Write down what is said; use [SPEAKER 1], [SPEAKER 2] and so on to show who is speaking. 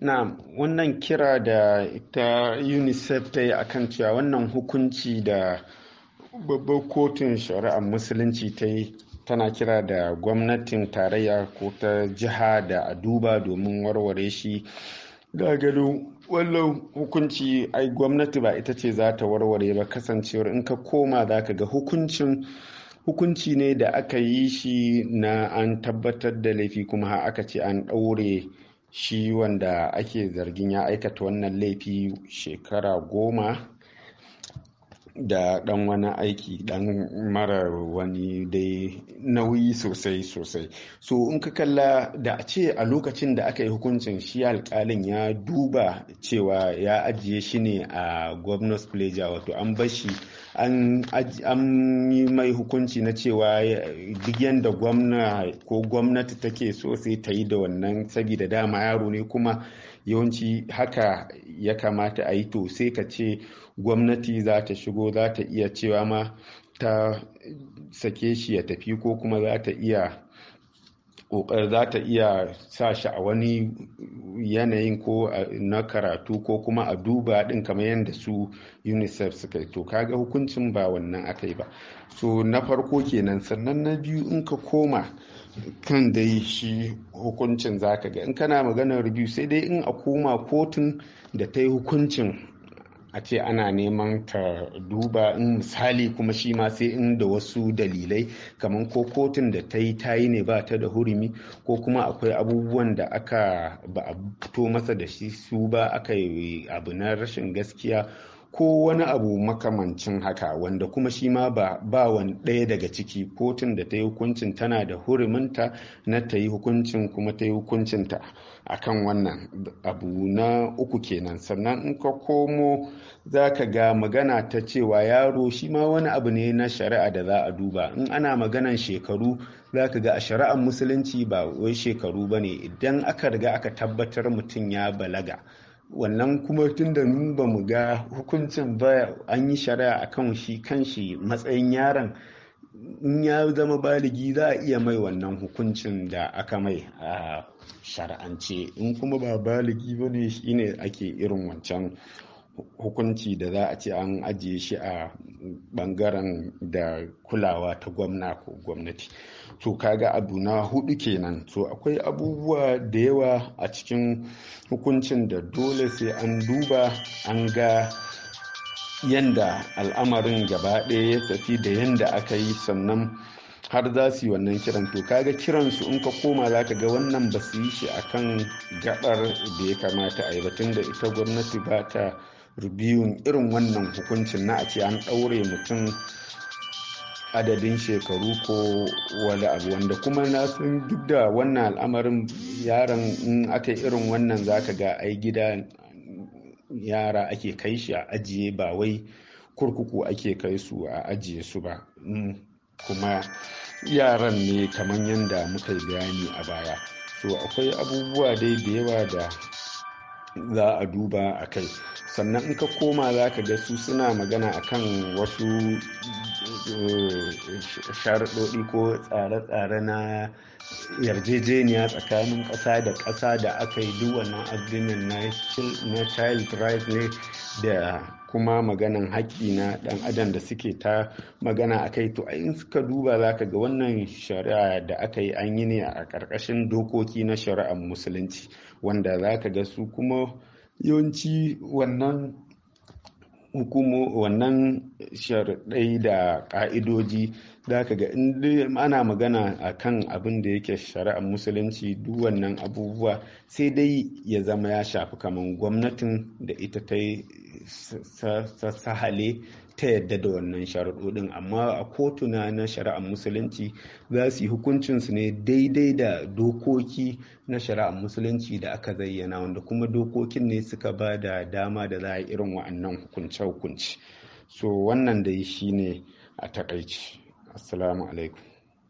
[SPEAKER 1] na wannan kira da ita UNICEF ta yi kan cewa wannan hukunci da babbar kotun shari'ar musulunci ta yi tana kira da gwamnatin tarayya ko ta jiha da a duba domin warware shi da gado wannan hukunci ai gwamnati ba ita ce za ta warware ba kasancewar in ka koma za ka ga hukuncin hukunci ne da aka yi shi na an tabbatar da laifi kuma aka ce an ɗaure shi wanda ake zargin ya aikata wannan laifi shekara goma da dan wani aiki dan mara wani dai nauyi sosai sosai so in ka kalla da a ce a lokacin da aka yi hukuncin shi alkalin ya duba cewa ya ajiye shi ne a governor's pleasure wato an bashi an yi mai hukunci na cewa duk yadda gwamna ko gwamnati take so sai ta yi da wannan sabida dama yaro ne kuma yawanci haka ya kamata a yi to sai ka ce gwamnati za ta shigo za ta iya cewa ma ta sake shi ya tafi ko kuma za ta iya kokar za ta iya sa shi a wani yanayin ko na karatu ko kuma a duba din kamar yadda su unicef suka to kaga hukuncin ba wannan aka yi ba so na farko kenan sannan na biyu in ka koma kan dai shi hukuncin zaka ga in kana maganar rubi sai dai in a koma kotun da ta yi hukuncin a ce ana neman ta duba in misali kuma shi ma sai in da wasu dalilai kamar ko kotun da ta yi ta yi ne ba ta da hurumi ko kuma akwai abubuwan da aka ba a fito masa da shi su ba aka yi abu na rashin gaskiya ko wani abu makamancin haka wanda kuma shi ma ba wani ɗaya daga ciki kotun da ta yi hukuncin tana da huruminta na ta yi hukuncin kuma ta yi hukuncinta a kan wannan abu na uku kenan sannan in ka komo za ka ga magana ta cewa yaro shi ma wani abu ne na shari'a da za a duba in ana maganan shekaru za ka ga a shari'ar musulunci ba wai shekaru ba ne idan aka riga aka tabbatar mutum ya balaga wannan kuma tun da mu ba mu ga hukuncin ba an yi shari'a kan shi kan shi matsayin yaron in ya zama baligi za a iya mai wannan hukuncin da aka mai a shari'ance in kuma ba baligi ba ne shi ne ake irin wancan hukunci da za a ce an ajiye shi a bangaren da kulawa ta gwamna ko gwamnati to kaga abu na hudu kenan to akwai abubuwa da yawa a cikin hukuncin da dole sai an duba an ga yanda al'amarin gaba ɗaya ya tafi da yanda aka yi sannan har za su yi wannan kiran to kaga kiran su in ka koma za ka ga wannan ba su yi shi akan gabar da ya kamata a yi batun da ita gwamnati ba ta rubiun irin wannan hukuncin na a ce an ɗaure mutum adadin shekaru ko wani abu wanda kuma na sun duk da wannan al'amarin yaron in aka yi irin wannan zaka ga ai gida yara ake kai shi a ajiye ba wai kurkuku ake kai su a ajiye su ba hmm, kuma yaran ne kamar yadda muka yi bayani a baya so akwai abubuwa dai da yawa da za a duba a kai sannan in ka koma za ka ga su suna magana a kan wasu eh, sharaɗoɗi ko tsare-tsare na yarjejeniya tsakanin ƙasa da ƙasa da aka yi duk wannan agreement na child rights ne da kuma maganan haƙƙi na ɗan adam da suke ta magana a kai to in suka duba za ka ga wannan shari'a da aka yi an yi ne a ƙarƙashin dokoki na shari'ar musulunci wanda za ka ga su kuma yawanci wannan hukumo wannan sharaɗai da ƙa'idoji za ka ga ana magana a kan abin da yake shari'ar musulunci duk wannan abubuwa sai dai ya zama ya shafi kamar gwamnatin da ita ta sahale ta yadda da wannan ɗin amma a kotuna na shari'ar musulunci za su yi hukuncinsu ne daidai da dokoki na shari'ar musulunci da aka zayyana wanda kuma dokokin ne suka ba da dama da za a irin wa'annan hukunce-hukunci so wannan dai shine a takaici assalamu alaikum